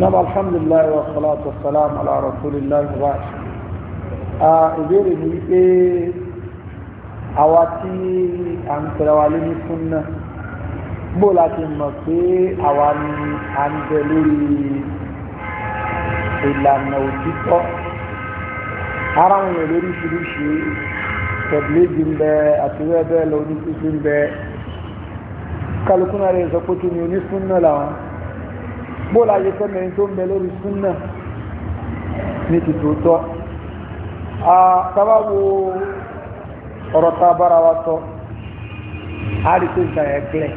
nam alhamdulilayi wa salatu wa salam ala rasulillahi wa ìbéèrè ni wípé àwa tí à ń tẹ̀lé wa lé ní súnà bó láti mọ̀ pé àwa ni à ń bẹ lórí ìlànà òtítọ́ ara wọn yẹn lóríṣiríṣi tẹ̀bílẹ́jì ń bẹ àtiwẹ́ bẹ́ẹ̀ lọ oníṣíṣí ń bẹ kálukú náà rẹ̀ sọ pé kí ni onísúnà làwọn bóòlù ayé fẹ́mẹ̀rin tó ń bẹ lórí súnà ní ti tòótọ́ àtàwáwo ọ̀rọ̀ tá a bára wa sọ a rí pé nǹkan yẹn gílẹ̀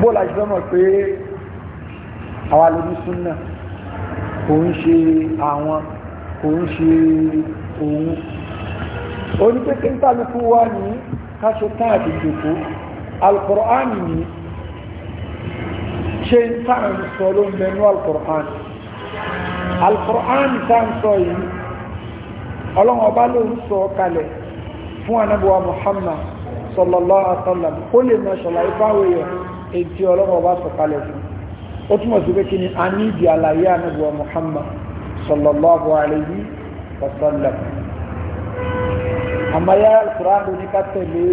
bóòlù ayé fẹ́mọ̀ pé àwa lórí súnà kò ń ṣe àwọn kò ń ṣe òun onípẹ́kẹ́ ń tàbí fún wa ní káṣọ tán àti jòkó alukọ̀rọ̀ ṣe ń tàn sọ ló ń bẹnu alukur'an alukur'an tàn sọ yìí ọlọ́run ọba ló ń sọ kalẹ̀ fún anábíwá muhammad sallallahu alaihi wasallam kó lè máa ṣàlàyé fáwọn èèyàn èyí tí ọlọ́run ọba sọ kalẹ̀ fún ó túmọ̀ sí pé kí ni a ní ìdí àlàyé anábíwá muhammad sallallahu alaihi wasallam àmàyà alukur'an ló ní ká tẹ̀lé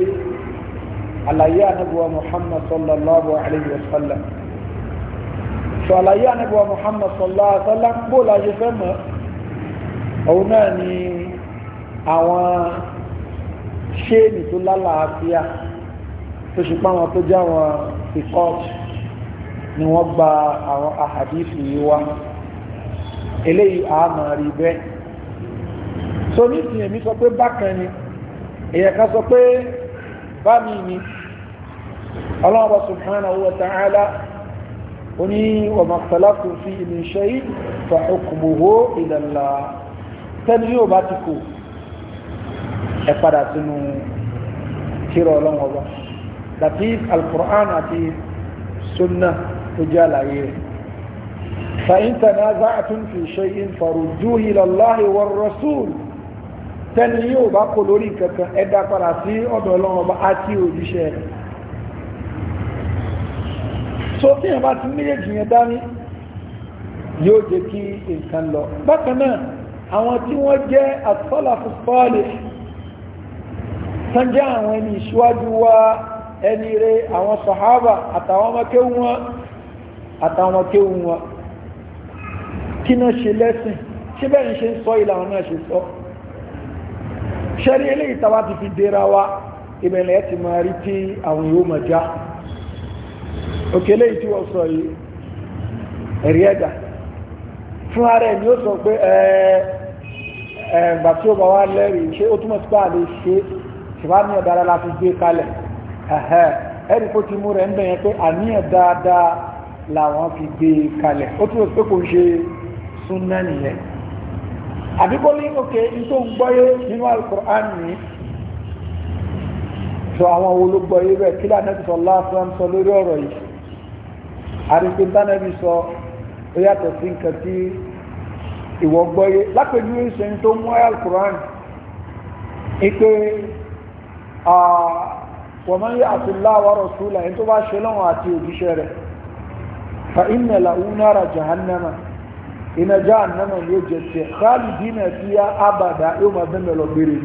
àlàyé anábíwá muhammad sallallahu alaihi wasallam sọ àlàyé ànábìwá Muhammad sọlá sọlá bó la ṣe fẹ́ mọ̀ òun náà ni àwọn ṣéènì tó lálàáfíà tó ṣe pa àwọn tó jẹ́ àwọn ìkọ́ọ̀tù ni wọ́n gba àwọn àhàdífì yìí wá eléyìí àmà rí bẹ́ẹ̀ so ní ti èmi sọ pé bákan ni èyàn kan sọ pé bá mi ni Allah subhanahu wa ta'ala oní wa ma ikhtalafu fi min shay'in fa hukmuhu ila Allah tẹ́ni yóò bá ti kò ẹ padà sínú kíra ọlọ́wọ́ wa láti al-Qur'an àti sunna tó jẹ́ àlàyé rẹ̀ fa in tanaza'tum fi shay'in farudduhu ila Allah war rasul tẹ́ni yóò bá kò lórí kankan ẹ dá padà sí ọ̀dọ̀ ọlọ́wọ́ wa àti òjíṣẹ́ rẹ̀ so tí yẹn bá ti méjèèjì yẹn dání yóò jẹ́ kí nǹkan lọ bákan náà àwọn tí wọ́n jẹ́ as-salafu salih sánjẹ́ àwọn ẹni ìṣíwájú wa ẹni rẹ̀ àwọn sàhábà àtàwọn ọmọkéwù wọn àtàwọn ọmọkéwù wọn kí náà ṣe lẹ́sìn ṣé bẹ́ẹ̀ ń ṣe ń sọ ìlànà náà ṣe sọ ṣẹ́rí eléyìí tàwa ti fi dera wa ìbẹ̀lẹ̀ ti máa rí tí àwọn yóò máa já òkèlè tí wọ́n sọ yìí ẹ̀rí ẹ̀dà fún ara ẹ̀ ni ó sọ pé ẹ̀ẹ̀gbà tí ó bá wá lẹ́rìí ṣé ó túnmọ̀ sí pé àlè ṣe ṣèwádìí dáadáa la fi gbé kalẹ̀ ẹ̀rí kó ti mú rẹ̀ ń bẹ̀yẹn pé àníyàn dáadáa làwọn fi gbé kalẹ̀ ó túnmọ̀ sí pé kò ń ṣe súnná nìyẹn àbíkó ní òkè ní tó ń gbọ́yé nínú alukur'an nìyẹn sọ àwọn ológbò yìí bẹ́ẹ̀ kí lànàbí sọ lásán sọ lórí ọ̀rọ̀ yìí àdìsí tánàbí sọ ó yàtọ̀ sí nǹkan tí ìwọ gbọ́ yé lápẹjú tó mú alukuran ipe wọ́n máa ń yí àtúnlá wa rọ̀súlà ẹni tó bá ṣe lọ́wọ́ àti òjíṣẹ́ rẹ̀ fa inna la'unara jahannama iná jahannama yóò jẹ tiẹ̀ khalidina abada yóò máa bẹ́ẹ̀ lọ gbére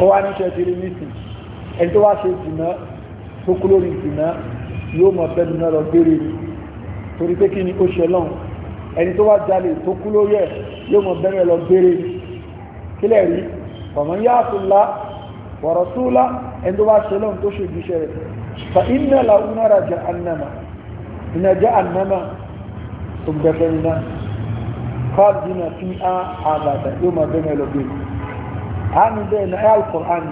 ó wá ní ṣẹ́tìrì nísìn ẹni tó wá ṣe ìdìnà tó kú lórí ìdìnà yóò mọ̀ fẹ́ nínú lọ gbére ni torí pé kí ni ó ṣe lọ́hùn ẹni tó wá jalè tó kú lórí ẹ̀ yóò mọ̀ bẹ́ẹ̀ lọ gbére ni kílẹ̀ rí ọ̀mọ̀ yáàtúlá wọ̀rọ̀túlá ẹni tó wá ṣe lọ́hùn tó ṣe ìdíṣẹ́ rẹ̀ fa iná la ń nára jẹ annama iná jẹ annama tó gbẹfẹ́ iná káàdì náà fi á àbàdà yóò mọ̀ bẹ́ẹ̀ lọ gbére ni àánú bẹ́ẹ̀ ní ayé alukur'an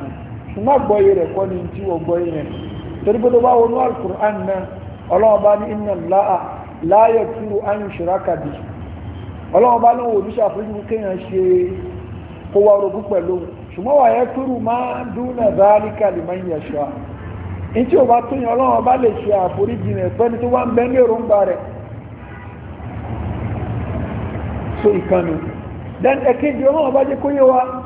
ni ma gbọ́yé re kọ́ ni tí wọ́n gbọ́yé rẹ̀ torí pé tó bá wọnú alukur'an inna Allaha la yaghfiru an yushraka bihi ọlọ́wọ́n bá lóun òdúṣà fúnjú kéèyàn ṣe kó wá orogún ṣùgbọ́n wa yaghfiru ma duna dhalika liman yasha o ba tún yàn ọlọ́wọ́n bá ṣe so wa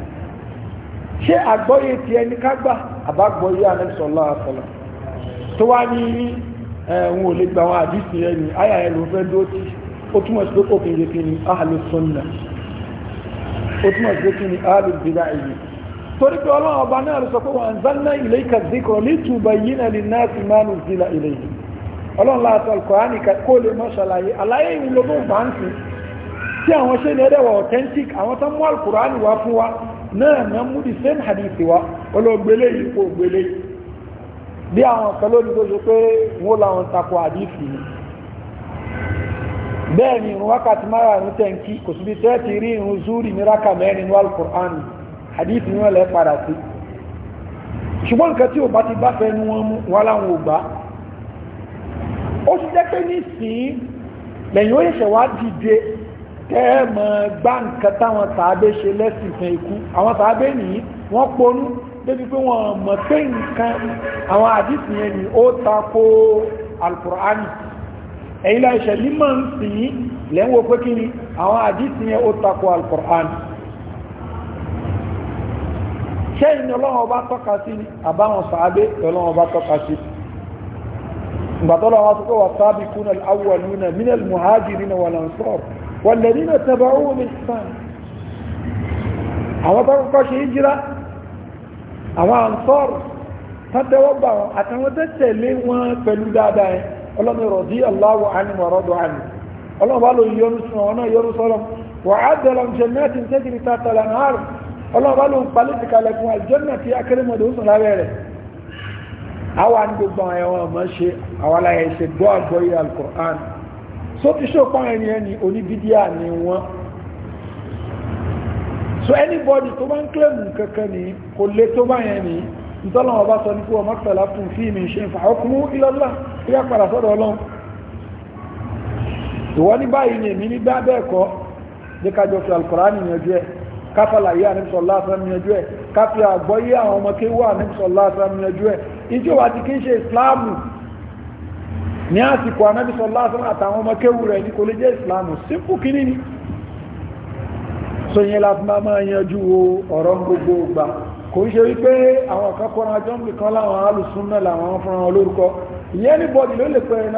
ṣé àgbọ́yé ti ẹni kágbà àbágbọ́yé anẹ́sọ̀lá àfọlá tó wá ní ẹ̀hún ò lè gba àwọn àdìsí rẹ̀ ní àyà ẹ̀ ló fẹ́ dúró tí ó túmọ̀ sí pé kò kìí kí ni ahlu sunna ó túmọ̀ sí pé kí ni ahlu bid'ah èyí torí pé ọlọ́run ọba náà ló sọ pé wa anzalna ilayka dhikra litubayyina linnasi ma nuzila ilayhim ọlọ́run láàtọ̀ al kó lè mọ́ ṣàlàyé àlàyé ìlú ló bá ń sìn tí àwọn ṣe ní ẹ̀dẹ̀wọ̀ authentic àwọn tó mú al wá fún wa náà náà mú the same hadith wa olóògbélé yìí kò gbélé yìí bí àwọn kan lónìí tó ṣe pé wọ́n làwọn takò hadith yìí bẹ́ẹ̀ ni ìrun wákàtí márùn-ún tẹ̀ǹkì kò síbi tẹ́ ti rí ìrun zuri ní rákà mẹ́rin ní alukur'an hadith ni wọ́n lẹ́ padà sí ṣùgbọ́n nǹkan tí ò bá ti bá fẹ́ ni wọ́n mú wọn láwọn ò gbà ó ṣe jẹ́ pé nísìnyí lẹ́yìn ó yẹ̀ṣẹ̀ wá dìde kẹ́ẹ̀mọ̀ gbá nǹkan táwọn tàbí ṣe lẹ́sìn fún ikú àwọn tàbí nìyí wọ́n ponú débi pé wọ́n mọ̀ pé nǹkan àwọn àdìsí yẹn ni ó tako alukur'ani ẹ̀yìn láìṣẹ̀ nímọ̀ ń sìn yí lẹ́wọ́ pé kí ni àwọn àdìsí yẹn ó tako alukur'ani ṣẹ́yìn ni ọlọ́run ọba tọ́ka sí ni àbáwọn sàábé ọlọ́run ọba tọ́ka sí ìgbàtọ́lọ́wọ́ sọ pé wà sábìkúnà awwaluna minal muhajirina wal ansar والذين تبعوه بالإحسان àwọn tó kọ́kọ́ ṣe hijira àwọn àǹsọ́rù tàbíwọ́gbà wọn àtàwọn tó tẹ̀lé wọn pẹ̀lú dáadáa ẹ̀ ọlọ́ni rọ̀dí aláwọ̀ ánìmọ̀rọ̀dọ̀ àmì ọlọ́wọ́ ló yọrù sún àwọn náà yọrù sọ́rọ̀ wà á dẹ̀lọ̀ jẹ́mẹ́tì tẹ́gìrì tàtàlà náà ọlọ́wọ́ ló ń palẹ́ ti kalẹ̀ fún àjọ́nà tí akérèmọ̀dé ó sùn lábẹ́ rẹ̀ àwọn àni gbogbo àwọn ẹ̀wọ̀n mọ́ ṣe àwọn aláyẹ̀ ṣe gbọ́ àgbọ́yé alkùrán so ti ṣó pa ẹni ẹni oníbídíà ni wọ́n so anybody tó bá ń claim kankan ni kò lè tó bá yẹn ni ìtọ́lọ́wọ́ bá sọ ní kí wọ́n mọ́tàlá fún fí mi ṣe ń fa ọkùnrin ìlọ́lá tí a padà sọ́dọ̀ ọlọ́run ìwọ́n ní báyìí ni èmi nígbà bẹ́ẹ̀ kọ́ dékájọ fi alkùránì yanjú ẹ̀ káfàlàyé àníṣọ́lá sàmì yanjú ẹ̀ káfí àgbọ́yé àwọn ọmọ kéwà àníṣọ́lá sàmì yanjú ẹ̀ ìjọba ti kí ń ṣe ìsìláàmù ní àsìkò anábì sallallahu alaihi wasallam àtàwọn ọmọ kéwù rẹ̀ ní kò lè jẹ́ ìsìláàmù símpù kìíní ni so yẹn láti máa máa yanjú ọ̀rọ̀ gbogbo gbà kò ń ṣe wípé àwọn kan kọ́ra jọ ń bìkan láwọn alùsúnnà làwọn fúnra olórúkọ ìyẹn ní bọ́ọ̀dì ló lè pẹ̀rẹ̀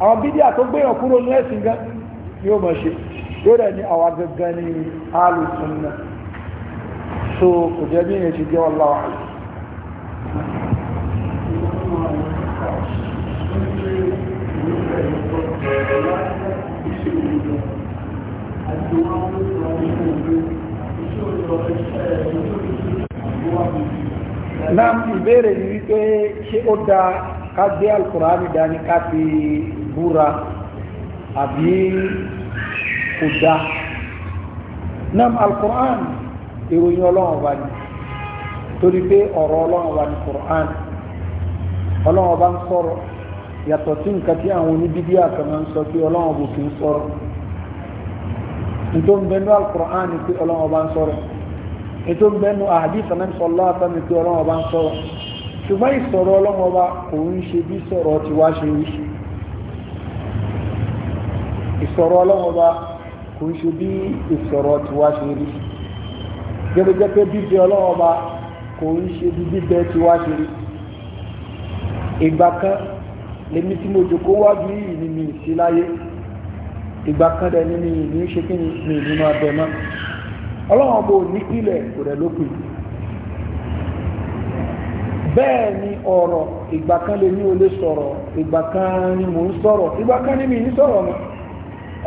àwọn bídíà tó gbéyàn kúrò ní ẹ̀sìn gan ni ó mọ̀ ṣe yóò rẹ̀ ní àwa gangan ní alùsùn náà so kò jẹ́ bí ìyẹn ṣe jẹ́ ọláwà náà ìbéèrè yìí wípé ṣé ó dáa ká gbé alukurani dání ká fi búra àbí nam alukuran ìròyìn ọlọ́run wa ni torí pé ọ̀rọ̀ ọlọ́run wa ni kuran ọlọ́run bá ń sọ̀rọ̀ yàtọ̀ sí nǹkan tí àwọn oníbíbí àkàmọ́ ń sọ pé ọlọ́run bò fi ń sọ̀rọ̀ nítorí bẹ́ẹ̀ ní alukuran ni pé ọlọ́run bá ń sọ̀rọ̀ nítorí ṣùgbọ́n ìsọ̀rọ̀ ọlọ́mọba kò ń ṣe bí sọ̀rọ̀ ti wá ṣe rí ìsọ̀rọ̀ ọlọ́mọba kò ń ṣe bí ìsọ̀rọ̀ ti wá ṣe rí gẹ́gẹ́ pé bíbẹ ọlọ́mọba kò ń ṣe bí bíbẹ ti wá ṣe rí ìgbà kan lèmi tí mo jòkó wá bí ìní mi sí láyé ìgbà kan dẹ̀ ní mi ìní ṣe kí ni mi ìní máa ọlọ́mọba ò ní kílẹ̀ kò rẹ̀ lópin bẹ́ẹ̀ ni ọ̀rọ̀ ìgbà kan lè ní sọ̀rọ̀ ìgbà kan ni mò ń sọ̀rọ̀ ni mi ń sọ̀rọ̀ mọ́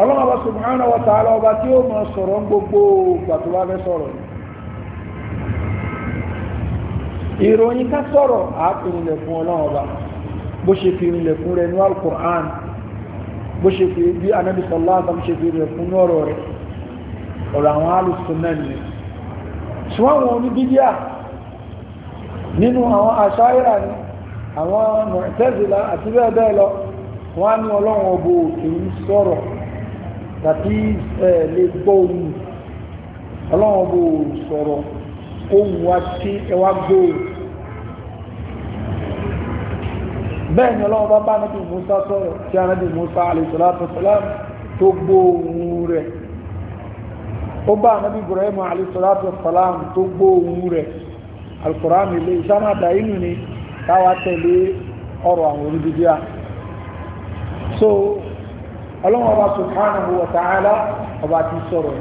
ọlọ́run ọba subhanahu ọba tí ó máa sọ̀rọ̀ gbogbo ìgbà tó bá fẹ́ sọ̀rọ̀ ìròyìn ká sọ̀rọ̀ àápìnrinlẹ̀ fún ọba nínú àwọn aṣáírà ni àwọn mọ̀tẹ́sìlá àti bẹ́ẹ̀ bẹ́ẹ̀ lọ wọ́n á ní ọlọ́run ọbọ̀ òkè ń sọ̀rọ̀ tàbí ẹ̀ lè gbọ́ ohun ọlọ́run ọbọ̀ sọ̀rọ̀ ohun wa tí ẹ wá gbọ́ ohun bẹ́ẹ̀ ni ọlọ́run bá bá níbi Musa sọ̀rọ̀ tí a níbi Musa alaihissalatu wassalam tó gbọ́ ohun rẹ̀ ó bá níbi Ibrahim alaihissalatu wassalam tó gbọ́ ohun rẹ̀ alukóran ilé ìsámà dàínú ni káwa tẹ̀lé ọ̀rọ̀ àwọn olùdíjíà so ọlọ́wọ́n ọba subhanahu wa ta'ala ọba ti sọ̀rọ̀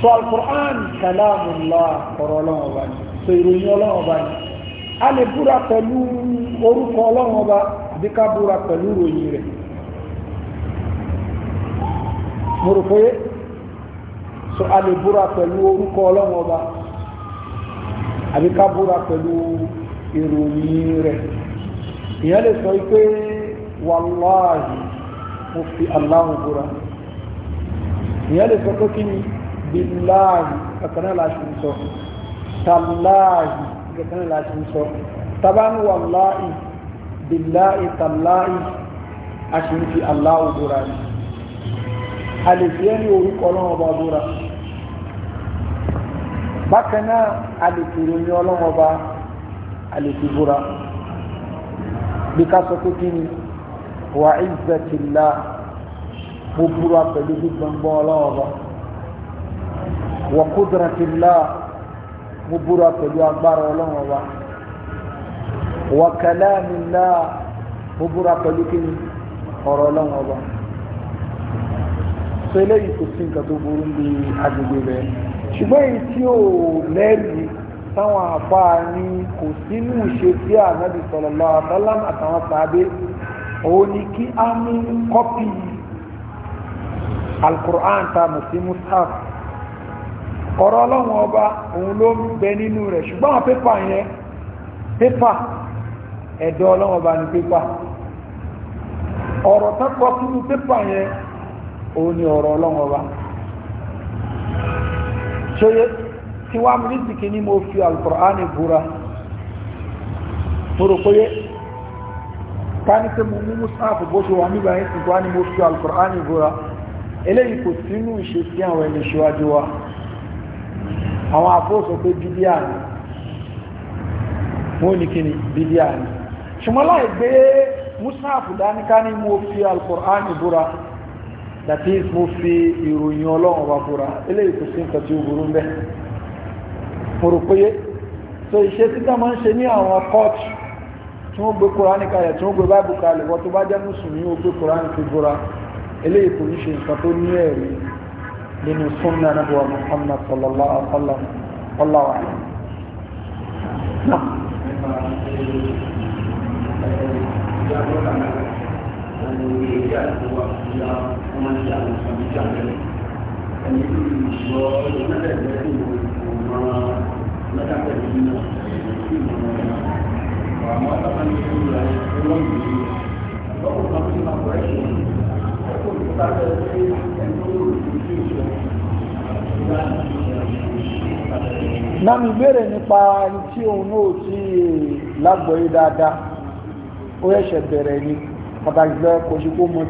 so alukóran kalamullah ọ̀rọ̀ ọlọ́wọ́n ọba ni so ìròyìn ọlọ́wọ́n ọba ni a lè búra pẹ̀lú orúkọ ọlọ́wọ́n ọba àbí ká búra pẹ̀lú ìròyìn rẹ̀ so a lè búra pẹ̀lú orúkọ ọlọ́wọ́n àbí ká búra pẹ̀lú ìròyìn rẹ̀ ìyẹn lè sọ pé wàláàhì mo fi aláhùn búra ìyẹn lè sọ pé kí ni bíláàhì kankan náà láti sọ tàláàhì kankan náà láti sọ tabanu wàláàhì bíláàhì tàláàhì a ṣe ń fi aláhùn búra ni a lè orúkọ ọlọ́run ọba búra bákan náà a lè tèrè ní ọlọ́wọ́ bá a lè fi búra bí ká sọ pé kí ni wà ìzẹ̀tìlá mo búra pẹ̀lú gbígbọ́ngbọ́n ọlọ́wọ́ bá wà kúdùrátìlá mo búra pẹ̀lú agbára ọlọ́wọ́ bá wà kàlámìlá mo búra pẹ̀lú kí ni ọ̀rọ̀ ọlọ́wọ́ bá sọ eléyìí kò sí nǹkan tó burú bí agbègbè bẹ́ẹ̀. ṣùgbọ́n èyí tí ó lẹ́rìí táwọn àfáà ní kò sínú ṣe sí sọ̀rọ̀ sallallahu alaihi àtàwọn sàábé òun ni kí a mú kọ́pì alukur'an ta mùsí mustaf ọ̀rọ̀ ọlọ́run ọba òun ló bẹ nínú rẹ̀ ṣùgbọ́n àwọn pépà yẹn pépà ọlọ́run ọba ṣóyé tí wá mú nísìkí ní mo fi alkùránì búra mo rò kóyé ká ní pé mo mú mùsáàfù bó ṣe wà nígbà yìí tìgbà ní mo fi alkùránì búra eléyìí kò sínú ìṣe sí àwọn ẹni ṣíwájú wa àwọn àfóòsọ pé bíbíà ni wọ́n ní kíni bíbíà ni ṣùgbọ́n láì gbé mùsáàfù dání ní mo fi alkùránì búra that is mo fi ìròyìn ọlọ́run wa fura eléyìí kò sí nǹkan tí ó burú mbẹ́ mo rò péye so ìṣe títà máa ń ṣe ní àwọn court tí wọ́n gbé kuraani kalẹ̀ tí wọ́n gbé báàbù kalẹ̀ wọ́n tó bá jẹ́ mùsùlùmí ó gbé kuraani fi búra eléyìí kò ní ṣe nǹkan tó ní ẹ̀rí nínú sunna nabi wa muhammad sallallahu alaihi wa sallam wallahu a'lam. Thank you ìyá ọmọ ìyá àti ìjà rẹ̀ ẹni tó ti sọ ọjọ́ mẹ́lẹ̀ lẹ́sìn ìwọ̀n mẹ́ta pẹ̀lú náà sí ìwọ̀n mẹ́ta. Àwọn ọ̀sán ní ìlú rẹ̀ ló ń bí lọ́wọ́ kan sí máa pẹ̀lú ẹ̀ṣẹ̀. Ẹ̀kọ́ ìgbà rẹ̀ sí ẹni nípa ẹni tí òun náà ti lágbọ̀ọ́ dáadáa, ó yẹ̀ṣẹ̀ bẹ̀rẹ̀ ni, pàtàkì jẹ́ kò sí kó mọ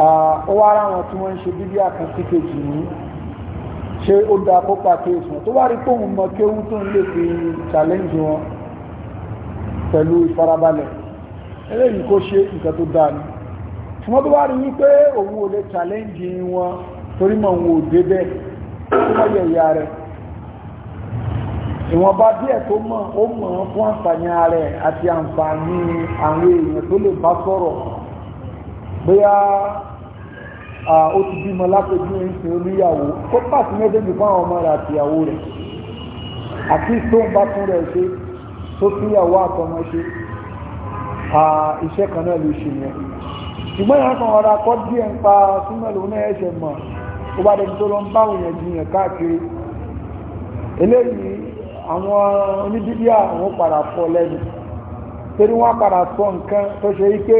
ó wá ara wọn tí wọ́n ń ṣe bíbí àkàntí kejì ní ṣé ó da kópa kéèsì wọn tó wá rí tóun mọ kéwú tó ń lè fi challenge wọn pẹ̀lú ìfarabalẹ̀ eléyìí kó ṣe nǹkan tó dáa ni ṣùgbọ́n tó wá rí wípé òun ò lè challenge wọn torí mọ̀ òun ò dé bẹ́ẹ̀ tó wọ́n yẹ ìyá rẹ̀ ìwọ̀nba díẹ̀ tó mọ̀ ó mọ̀ fún àǹfààní rẹ̀ àti àǹfààní àwọn èèyàn tó lè bá sọ̀rọ̀ bóyá ó ti bímọ lápẹjú ìsìn oníyàwó kó pàṣẹ mẹ́sẹ̀jì fún àwọn ọmọ rẹ̀ àtìyàwó rẹ̀ àti tó ń bá tún rẹ̀ ṣe tó túyàwó àtọmọ ṣe iṣẹ́ kan náà ló ṣe yẹn ṣùgbọ́n ìran kan ọ̀rọ̀ akọ́ díẹ̀ ń pa súnmọ́ lòun náà ẹ̀ṣẹ̀ mọ̀ ó bá dẹni tó lọ ń bá òyìn jiyàn káàkiri eléyìí àwọn onídídíà àwọn padà fọ lẹ́nu torí wọ́n padà sọ nǹkan tó ṣe yí pé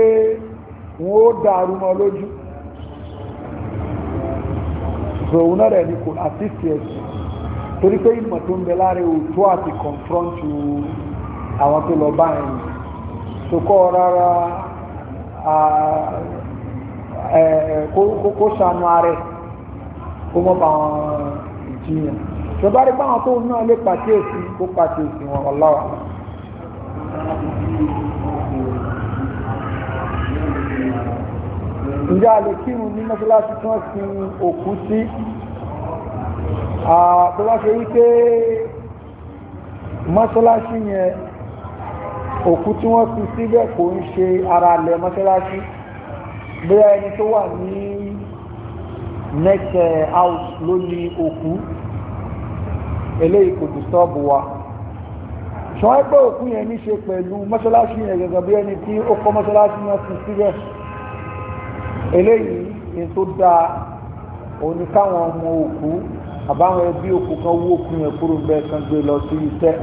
wọ́n ó dàrú mọ́ lójú so òun náà rẹ̀ ni kò assist ẹ̀sìn torí pé ìmọ̀ tó ń bẹ láre òtó àti confront àwọn tó lọ báyìí so kọ́ rárá kó sànú ààrẹ kó mọ́ bá wọn jiyàn ṣọba rí báwọn tó ń náà lè pàkíyèsí kó pàkíyèsí wọn ọláwàá ìjà lè kírun ní mọ́ṣáláṣí tí wọ́n sin òkú sí tó bá ṣe wípé mọ́ṣáláṣí yẹn òkú tí wọ́n sin síbẹ̀ kò ń ṣe ara lẹ̀ mọ́ṣáláṣí bóyá ẹni tó wà ní next eh, house ló ní òkú eléyìí kò dìstọ́ọ̀bù wa ṣùgbọ́n òkú yẹn ní ṣe pẹ̀lú mọ́ṣáláṣí yẹn gẹ́gẹ́ bí ẹni tí ó kọ́ mọ́ṣáláṣí yẹn sin síbẹ̀ eléyìí tó dáa òun ni káwọn ọmọ òkú àbáwọn ẹbí òkú kan wó òkú yẹn kúrò ń bẹ kan gbé lọ sí iṣẹ́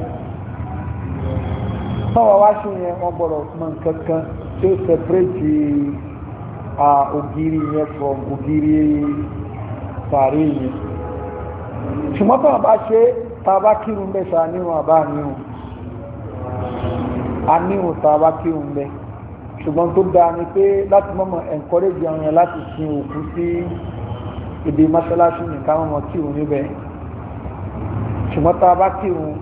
táwọn wá sí yẹn wọ́n gbọ́dọ̀ mọ nǹkan kan tó sẹpẹrẹtì ògiri yẹn from ògiri sàárè yẹn ṣùgbọ́n táwọn bá ṣe tàbá kírun àbá àníhùn àníhùn kírun bẹ́ẹ̀. ṣùgbọ́n tó dáa ni pé láti mọ́mọ́ encourage àwọn yẹn láti sin òkú sí ibi mọ́ṣáláṣí nìkan mọ́mọ́ tí òun níbẹ̀ ṣùgbọ́n tá a bá kí òun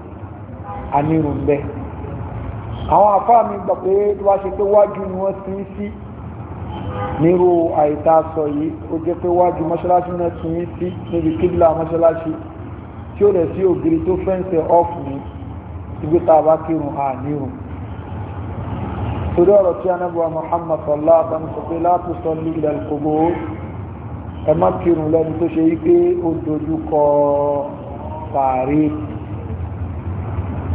ànírù ń bẹ àwọn àfáà mi gbà pé tó bá ṣe pé wájú ni wọ́n sin sí nírú àìta sọ yìí ó jẹ́ pé wájú mọ́ṣáláṣí náà sin sí níbi kíbla mọ́ṣáláṣí tí ó rẹ̀ sí ògiri tó fẹ́ǹsẹ̀ ọ́ọ̀fù ní ibi tá a bá kírun ànírù torí ọ̀rọ̀ tí anábọ̀ Muhammad sọ̀lá àbánisọ̀pé láti sọ ní ilẹ̀ kògbó ẹ má kírun lẹ́nu tó ṣe wípé ó dojú kọ sàárè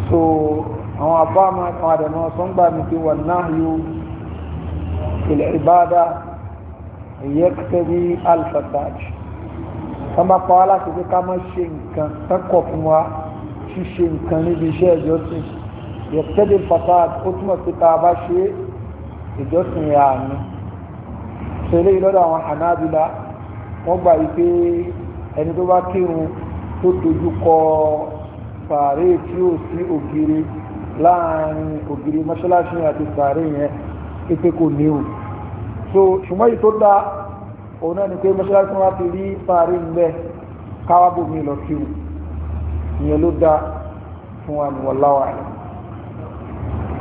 so àwọn àbá àwọn àdàmọ́ sọ́ngbà mi ti wà náà yóò ilẹ̀ ìbáadá ìyẹ́kẹ́tẹ́bí alfataj wọ́n bá pa wá láti pé ká má ṣe nǹkan kẹ́kọ̀ọ́ fún wa ṣíṣe nǹkan níbi iṣẹ́ ìjọsìn yẹtẹ́lì fasad ó túmọ̀ sí tá a bá ṣe ìjọsìn yà ní ṣẹlẹ̀ ìlọ́dọ̀ àwọn hanabila wọ́n gbà wípé ẹni tó bá kírun tó dojú kọ sàárè tí ó sí ògiri láàrin ògiri mọ́ṣáláṣí àti sàárè yẹn ipe kò ní o so ṣùgbọ́n yìí tó dá òun náà ni pé mọ́ṣáláṣí wọn ti rí sàárè ń bẹ káwábò mi lọ kírun ìyẹn ló dá fún wa ní wọ́láwà yẹn.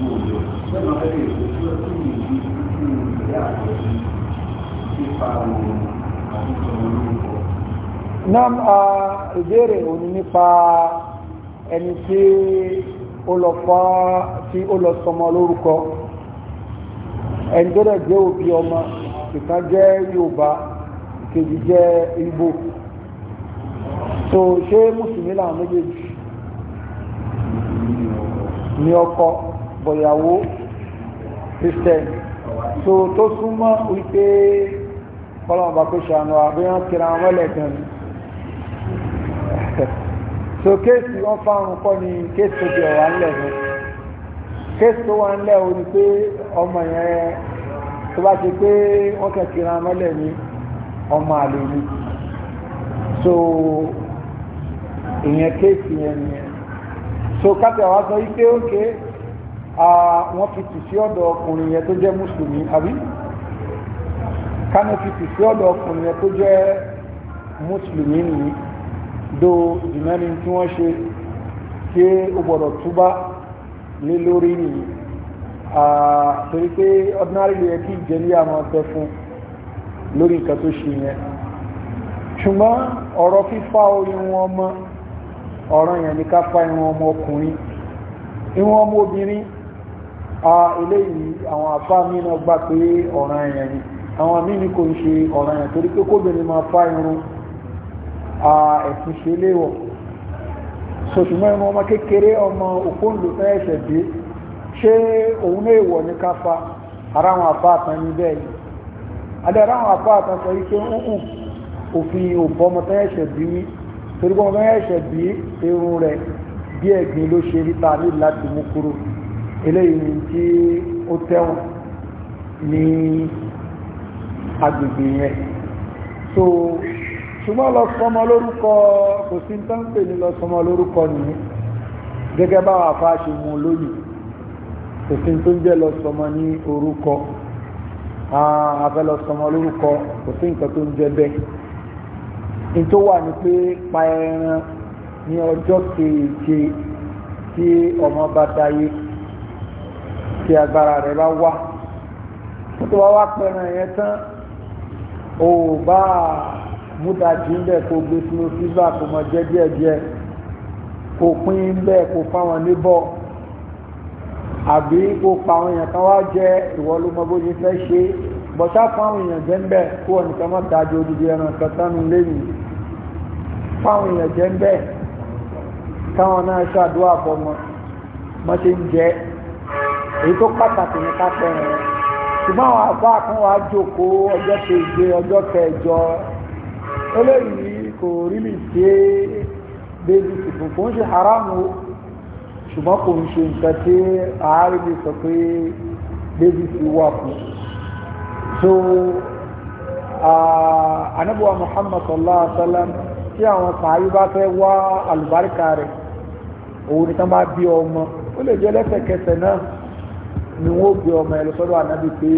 nam a ìbéèrè òní nípa ẹni tí ó lọ fá tí ó lọ sọmọ lórúkọ ẹni tó dẹ̀ jẹ́ òbí ọmọ ìkan jẹ́ Yorùbá ìkejì jẹ́ Ìgbò so ṣé mùsùlùmí làwọn méjèèjì ní ọkọ bọ̀yàwó christian so tó súnmọ́ wípé kọ́lọ̀mù bá kó ṣàánú àbíyàn kíra wọn lẹ́gbẹ̀ẹ́ ni so kéèsì wọn fáwọn kọ́ ni kéèsì tó di ọ̀wà ńlẹ̀ ni kéèsì tó wà ńlẹ̀ o ni pé ọmọ yẹn tó bá ti pé wọ́n kẹ́ kíra wọn lẹ̀ ni ọmọ àlè ni so ìyẹn kéèsì yẹn nìyẹn so kátà wá sọ wípé ókè. Okay, wọ́n fi tì sí ọ̀dọ̀ ọkùnrin yẹn tó jẹ́ mùsùlùmí àbí kánú fi tì sí ọ̀dọ̀ ọkùnrin yẹn tó jẹ́ mùsùlùmí nìyí do ìnáni tí wọ́n ṣe ṣé ó gbọ́dọ̀ túbá lé lórí nìyí torí pé ordinary lè yẹ kí ìjẹniyà máa tẹ fún lórí nǹkan tó ṣe yẹn ṣùgbọ́n ọ̀rọ̀ fífá oyin wọn mọ́ ọ̀ràn yẹn ni ká fa irun ọmọ ọkùnrin irun ọmọ obìnrin a eléyìí àwọn àfá mi náà gbà pé ọ̀ràn ẹ̀yàn ni àwọn mí ní kò ń ṣe ọ̀ràn ẹ̀yàn torí pé kóbìnrin máa fá irun ẹ̀sìn ṣe léwọ̀ sòṣùmọ́ ẹ̀mọ́ ọmọ kékeré ọmọ òpóǹdò fẹ́ ẹ̀ṣẹ̀ dé ṣé òun náà èèwọ̀ ní káfa ara àwọn àfá àtàn ní bẹ́ẹ̀ ni adẹ́rẹ́ àwọn àfá àtàn sọ wípé ń hùn òfin òbọ̀ ọmọ fẹ́ ẹ̀ṣẹ̀ bí wí torí pé ọmọ fẹ́ ẹ̀ṣẹ̀ bí irun rẹ̀ bí ẹ̀gbin ló ṣe níta ní láti mú kúrò eléyìí tí ó tẹ́wọ̀n ní agbègbè yẹn so ṣùgbọ́n lọ sọmọ lórúkọ kò sí ń tán pè ní lọ sọmọ lórúkọ nìyí gẹ́gẹ́ bá wà fà ṣe mú lóyìn kò sí tó ń jẹ́ lọ sọmọ ní orúkọ afẹ́ lọ sọmọ lórúkọ kò sí nǹkan tó ń jẹ́ bẹ́ẹ̀ ní tó wà ní pé pa ẹran ní ọjọ́ keje tí ọmọ bá dáyé tí agbára rẹ̀ bá wá tó bá wá pẹ̀ràn yẹn tán ò bá múdàjì ń bẹ̀ kó gbé sínú fífà kó mọ jẹ́ díẹ̀díẹ̀ kó pín in bẹ́ẹ̀ kó fáwọn níbọ̀ àbí kó pa àwọn èèyàn kan wá jẹ́ ìwọ ló mọ bó ṣe fẹ́ ṣe bọ̀tá fáwọn èèyàn jẹ́ ń bẹ̀ kó wọn nìkan mọ́ dájú odidi ẹran kan tánu lẹ́yìn fáwọn èèyàn jẹ́ ń bẹ̀ káwọn náà ṣàdúrà fọmọ mọ́ ṣe ń jẹ́ èyí tó pàtàkì ní ká fẹ́ràn ẹ̀ ṣùgbọ́n àwọn àbá kan wàá jókòó ọjọ́ keje ọjọ́ kẹjọ eléyìí kò rí lè ṣe bébí tìfún kò ń ṣe haramu ṣùgbọ́n kò ń ṣe nǹkan tí àárín lè sọ pé bébí ti wà fún so anabuwa muhammad sallallahu alaihi wa sallam tí àwọn sàáyí bá fẹ́ wá àlùbáríkà rẹ̀ òun nìkan bá bí ọmọ ó lè jẹ́ lẹ́sẹ̀kẹsẹ̀ náà ni wọ́n gbé ọmọ ẹ lọ sọ́dọ̀ ànábì pé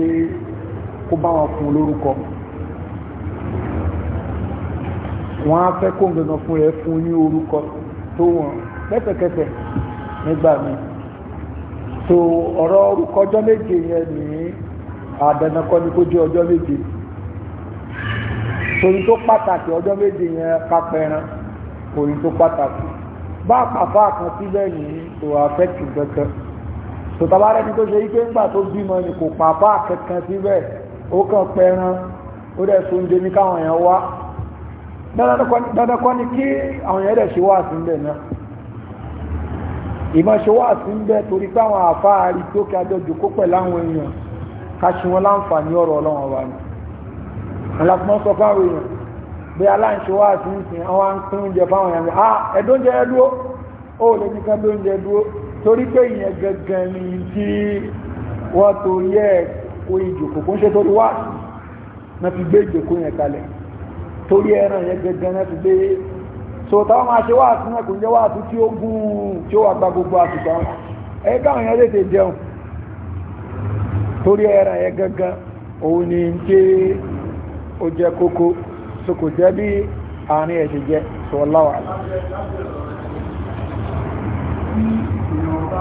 kó bá wọn fún lórúkọ wọ́n á fẹ́ kó gbẹ̀nà fún rẹ̀ fún ní orúkọ tó wọ́n lẹ́sẹ̀kẹsẹ̀ nígbà míì so ọ̀rọ̀ orúkọ ọjọ́ méje yẹn ní àdánakọ́ ni kó jẹ́ ọjọ́ méje torí tó pàtàkì ọjọ́ méje yẹn kápẹ́ran torí tó pàtàkì bá àpàfà kan síbẹ̀ ní ìwà afẹ́kì gbẹ̀gbẹ̀ tó tàbá rẹ̀ ní tó ṣe ike ńgbà tó bímọ ni kò pàpá kankan síbẹ̀ ó kàn pẹran ó dẹ̀ so oúnjẹ ní káwọn èèyàn wá dandakọ́ ni kí àwọn èèyàn dẹ̀ ṣe wá sí ń bẹ̀ náà ìmọ̀ ṣe wá sí ń bẹ̀ torí táwọn àfáàrí tó kí ajọ́ jòkó pẹ̀lú àwọn èèyàn ká ṣe wọn láǹfààní ọ̀rọ̀ ọlọ́run wa ni alákùnmọ́ sọ fáwọn èèyàn bí aláǹṣe wá sí ń sìn àwọn ń fáwọn èèyàn ah ẹ̀dóúnjẹ ẹ dúró ó lè ní torí pé ìyẹn gangan ni tí wọ́n torí ẹ̀ kó ìjòkó kó ń ṣe torí wá na fi gbé ìjòkó yẹn kalẹ̀ torí ẹran yẹn gangan na fi gbé so táwọn máa ṣe wáàtú náà kò ń jẹ́ wáàtú tí ó gún tí ó wà gba gbogbo àtùgbà torí ẹran yẹn òun ni ó jẹ kókó so kò jẹ́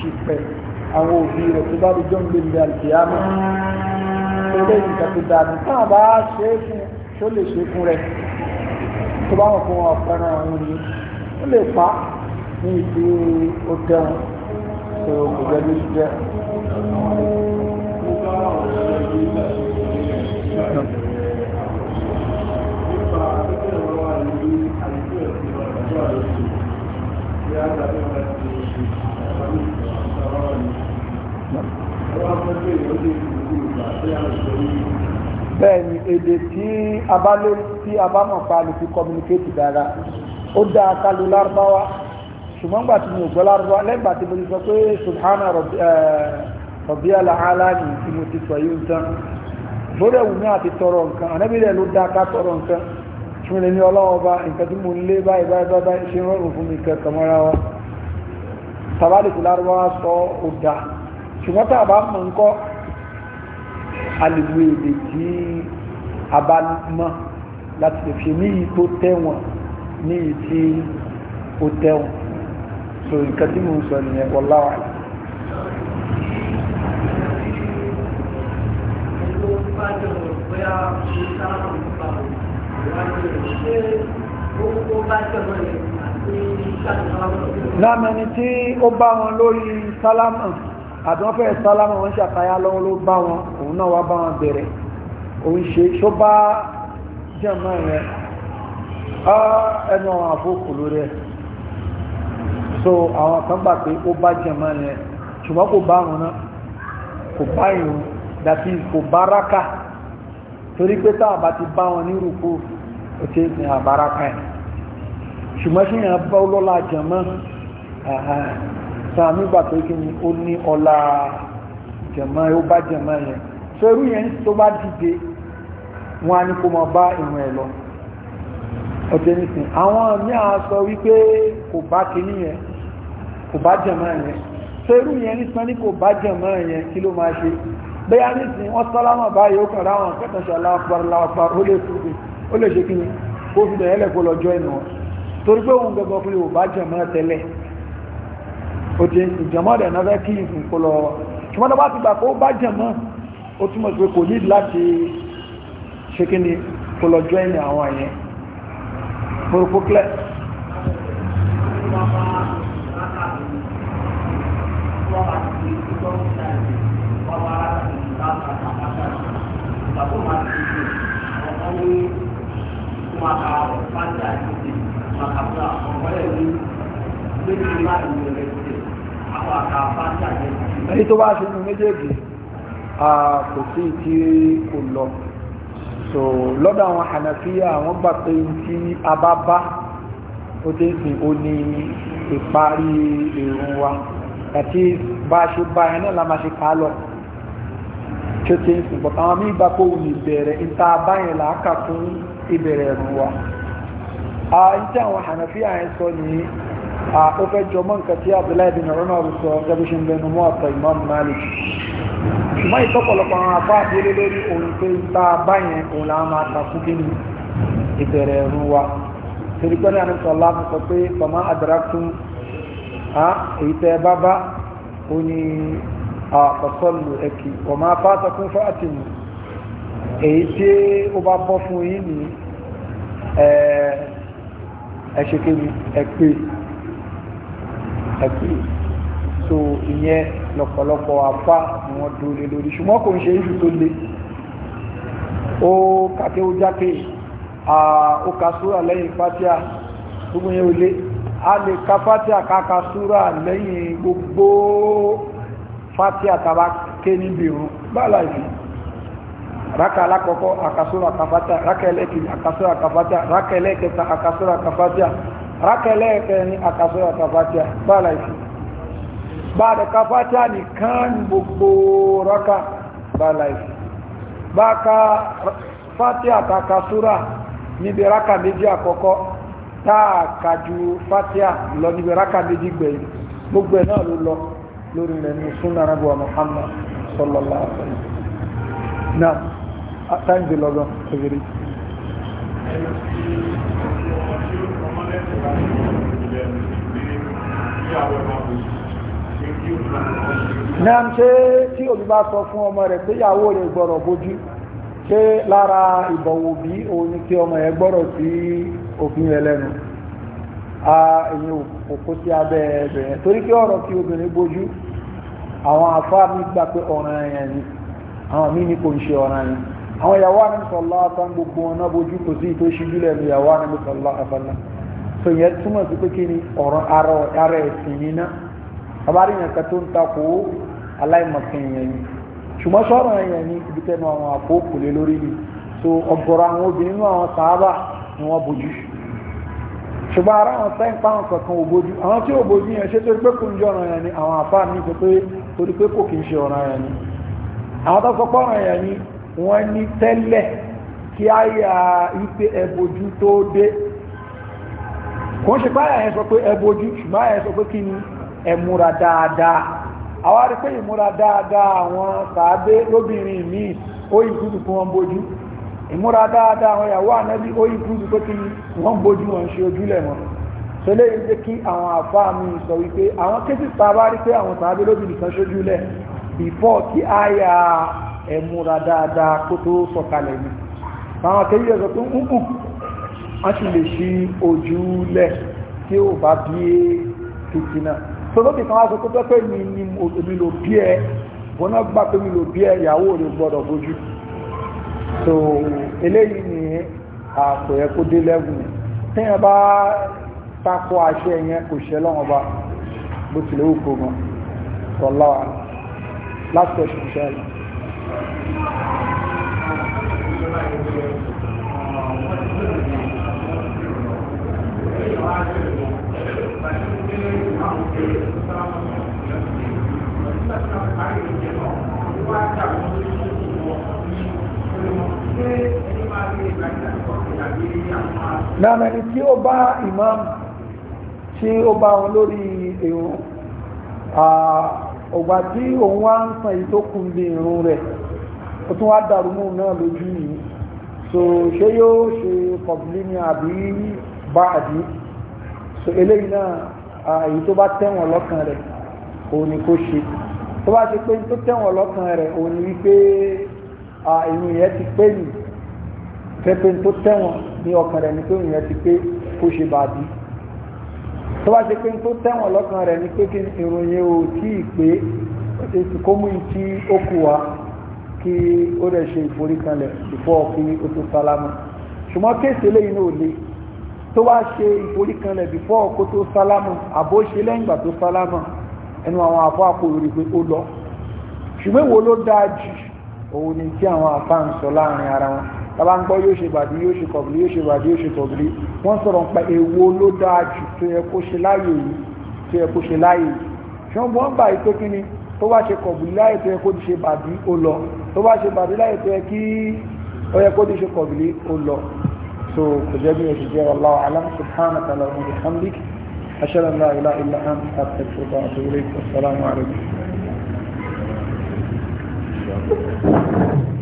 ṣìpẹ̀ àwọn òbí rẹ̀ tó bá rí jọ́ ń lè lè àlùkìyámà eré nǹkan tó dàbí tá a bá ṣe é fún tó lè ṣe fún rẹ̀ tó bá wọn fún wọn fẹ́ràn àwọn yìí ó lè pa ní ìdí ó tó kò jẹ́ bí ó jẹ́. bẹ́ẹ̀ni èdè tí a bá lé tí a bá mọ̀ pa lè fi communicate dára ó dá akalu lárúbáwá ṣùgbọ́n gbà tí mo gbọ́ lárúbáwá lẹ́gbà tí mo ti sọ pé subhana rabbi alaala ni tí mo ti sọ yìí tán bóde wù mí àti tọrọ nǹkan ànábì rẹ̀ ló dá aká tọrọ nǹkan fún mi ní ọlọ́wọ́ bá nǹkan tí mo ń lé báyìí báyìí báyìí ṣe ń rọrùn fún mi kẹkọọ mọ́ra wa tàbálẹ̀ tí lárúbáwá sọ ó dáa ṣùgbọ́n tá a bá mọ̀ nǹkan alìwò èdè tí a bá mọ̀ láti lè fi ní ìyí tó tẹ̀wọ̀n ní ìyí tí ó tẹ̀wọ̀n so nǹkan tí mo ń sọ nìyẹn wallahu a'lam. láàmì ẹni tí ó bá wọn lórí sálámà àti wọ́n fẹ́ sálámà wọ́n ṣàtayá lọ́wọ́ ló bá wọn òun náà wá bá wọn bẹ̀rẹ̀ òun ṣe ṣó bá jẹ̀mọ́ rẹ̀ ẹnu àwọn àfókòló rẹ̀ so àwọn kan gbà pé ó bá jẹ̀mọ́ rẹ̀ ṣùgbọ́n kò bá wọn náà kò bá ìrùn dàbí kò bá rákà torí pé tá a bá ti bá wọn ní rúkú ó ti ní àbárákà ẹ̀ ṣùgbọ́n ṣe yàn bá ó lọ́la jẹ̀mọ́ tààmì gbà pé kí ni ó ní ọlá jẹ̀mọ́ ó bá jẹ̀mọ́ yẹn so irú yẹn tó bá dìde wọn á ní kó máa bá ìrun ẹ̀ lọ ọ̀tẹ́ nìsín àwọn míì á sọ wípé kò bá kìíní yẹn kò bá jẹ̀mọ́ yẹn so irú yẹn ní sọ́ni kò bá jẹ̀mọ́ yẹn kí ló máa ṣe bẹ́yà nìsín wọ́n sálámà báyìí ó kàn ráwọn kẹtàn ṣe ó ti ìjọmọ́ rẹ̀ náà fẹ́ kí ìsìnkú lọ ṣùgbọ́n tó bá ti gbà kó bá jẹ̀mọ́ ó túnmọ̀ sí pé kò ní láti ṣe kí ni kó lọ jọ ẹni àwọn àyẹn fúrufú clẹ́ Maka apa saja, maka apa, orang lain, lebih lagi ẹni tó bá ṣe inú méjèèjì kò sí tí kò lọ so lọ́dọ̀ àwọn Hanafiya àwọn gbà pé tí a bá bá ó ti ń sìn ó ní ìparí èrò wa àti bá ṣe bá ẹ̀ náà la máa ṣe ká lọ tí ó ti ń sìn bọ̀tà àwọn míì bá kó wù ìbẹ̀rẹ̀ ìta báyẹn là á fún ìbẹ̀rẹ̀ ẹ̀rù wa. àyíká àwọn Hanafiya yẹn sọ nìyí ó fẹ́ jọmọ́ nǹkan tí abdullahi bin ọ̀rọ̀nà àwùsọ gẹ́gẹ́ ṣe ń bẹnu mọ́ àtọ̀ imam malik ṣùgbọ́n ìtọ́pọ̀lọpọ̀ àwọn apá àdéré lórí ohun pé ń ta báyẹn òun làwọn máa ta fún kíni ìbẹ̀rẹ̀ ẹ̀rùn wa torí pé ní àná sọ láti sọ pé bàmá àdàràkùn èyí tẹ́ ẹ bá bá ó ní àkọsọ́lù ẹ̀kì ọ̀má fátakún fáàtìmù èyí tí ó bá bọ́ fún yín ní ẹ̀ṣẹ̀kẹ́ni hakim so ìyẹn lọ́pọ̀lọpọ̀ apá ni wọ́n dúró lé lórí ṣùgbọ́n kò ń ṣe iṣu tó le ó kàké ó jáke ó ka súra lẹ́yìn fatia gbogbo yẹn ò lé a lè ka fatia ká ka súra lẹ́yìn gbogbo fatia tàbá ké níbi ìrún báàlà ìfì raka alákọ̀ọ́kọ́ akasura kafatia raka ẹlẹ́kìí akasúra kafatia raka ẹlẹ́kẹta akasúra kafatia rákẹ́lẹ́ ẹ̀kẹ́ ní àkàsọ́ àkàfàtíà bá láìsí bá àdẹ̀kàfàtíà nìkan gbogbo rákà bá láìsí bá ká fàtíà àtàkàsúrà níbi rákà méjì àkọ́kọ́ táà kàjú fàtíà lọ níbi rákà méjì gbẹ̀yìn gbogbo ẹ̀ náà ló lọ lórí rẹ̀ ní súnà arábùwà Muhammad sallallahu alaihi wa náà ṣe tí òbí bá sọ fún ọmọ rẹ̀ pé ìyàwó rẹ̀ gbọ́rọ̀ bójú ṣe lára ìbọ̀wò bí òun ni kí ọmọ ẹ̀ gbọ́rọ̀ sí òfin ẹlẹ́nu èyí òkú sí abẹ́ ẹ̀bẹ̀rẹ̀ torí kí ọ̀rọ̀ kí obìnrin bójú àwọn àfáà mi gbà pé ọ̀ràn ẹ̀yàn ni àwọn míì ní kò ń ṣe ọ̀ràn yẹn àwọn ìyàwó àrùn sọ̀lá àtàn gbogbo ọ̀nà bójú kò sí ìtòṣíjú lẹ́nu ìyàwó àrùn sọ̀lá àfàlà so yẹn túmọ̀ sí pé kí ni ọ̀rọ̀ ara ẹ̀sìn yìí ná abárí yẹn kan tó ń takò aláìmọ̀kan yẹn ni ṣùgbọ́n sọ̀rọ̀ yẹn ni ibi tẹnu àwọn àpòkù lé lórí ni so ọ̀gọ̀rọ̀ àwọn obìnrin náà àwọn sàábà ni wọ́n bójú ṣùgbọ́n ara àwọn sẹ́yìn páwọn kankan ò bójú àwọn tí ò bójú yẹn ṣe torí pé kò ń jẹ́ ọ̀ràn yẹn ni àwọn àfáà ní pé torí pé kò kì í ṣe ọ̀ràn yẹn ni àwọn tó sọ pọ́ràn yẹn ni wọ́n ní tẹ́lẹ̀ kí á yà ipe ẹ̀bójú tó dé kò ń ṣe báyà yẹn sọ pé ẹ bójú ṣùgbọ́n àyà yẹn sọ pé kí ni ẹ múra dáadáa àwa rí pé ìmúra dáadáa àwọn sàádé lóbìnrin míì ó ìkúdù kí wọ́n bójú ìmúra dáadáa àwọn ìyàwó ànábì ó ìkúdù pé kí wọ́n bójú wọn ṣe ojúlẹ̀ wọn sọlẹ́ yìí jẹ́ kí àwọn àfáà mi sọ wípé àwọn kéjì sábà rí pé àwọn sàádé lóbìnrin kan ṣojúlẹ̀ before kí àyà ẹ̀múra dáadáa kó tó sọ̀kalẹ̀ ni àwọn kéjì yẹn sọ pé ń kù a sì lè ṣí ojú lẹ̀ tí ó bá bí é títí náà tó lóbi kan wá sọ pé pé mi ni èmi lò bí ẹ wọn náà gbà pé mi lò bí ẹ ìyàwó rẹ gbọ́dọ̀ bójú so eléyìí ni àpò ẹ kó dé lẹ́gùn téèyàn bá tako àṣẹ yẹn kò ṣẹ lọ́wọ́n bá bó tilẹ̀ ó kó last question ṣe lára ẹni tí ó bá imam tí ó bá wọn lórí èrò ọgbà tí òun wá ń sàn yìí tó kún lè irun rẹ̀ ó tún wá dàrú mú náà lójú yìí so ṣé yóò ṣe kọ̀bílì ní àbí báàdì so eléyìí náà èyí tó bá tẹ̀wọ̀n lọ́kàn rẹ̀ òun ni kó ṣe tó bá ṣe pé tó tẹ̀wọ̀n lọ́kàn rẹ̀ òun ni wípé ìrun yẹn ti pé nì pẹ́pẹ́ tó tẹ̀wọ̀n ní ọkàn rẹ̀ ni pé ìrun yẹn ti pé kó ṣe báàdì tó bá ṣe pé tó tẹ̀wọ̀n lọ́kàn rẹ̀ ni pé kí yẹn ò tí ì pé kó mú ìtí ó kù kí ó dẹ̀ ṣe ìforíkanlẹ̀ ìfọ́ kí ó tó sálámà ṣùgbọ́n kéèsì eléyìí náà ò tó wá ṣe ìforíkanlẹ̀ bífọ́ kó tó sálámù àbó ṣe lẹ́yìn ìgbà tó sálámù ẹnu àwọn àfọ àpòrò rí pé ó lọ ṣùgbọ́n wo ló dáa jù òun ni tí àwọn àfá ń sọ láàrin ara wọn tàbá ń gbọ́ yóò ṣe bàdí yóò ṣe kọ̀bìlì yóò ṣe bàdí yóò ṣe kọ̀bìlì wọ́n sọ̀rọ̀ ń pa èwo ló dáa jù tó yẹ kó ṣe láàyè yìí tó yẹ kó ṣe láàyè yìí ṣùgbọ́n wọ́n gbà pé kí tó bá ṣe kọ̀bìlì láàyè tó yẹ kó ti ṣe bàdí ó lọ tó bá ṣe bàdí láàyè tó yẹ kí ó yẹ kó ti ṣe kọ̀bìlì ó lọ so ku jami'a shi jiya wallahu alam subhanaka allahumma wa bihamdik ashhadu an la ilaha illa anta astaghfiruka wa atubu ilayk assalamu alaikum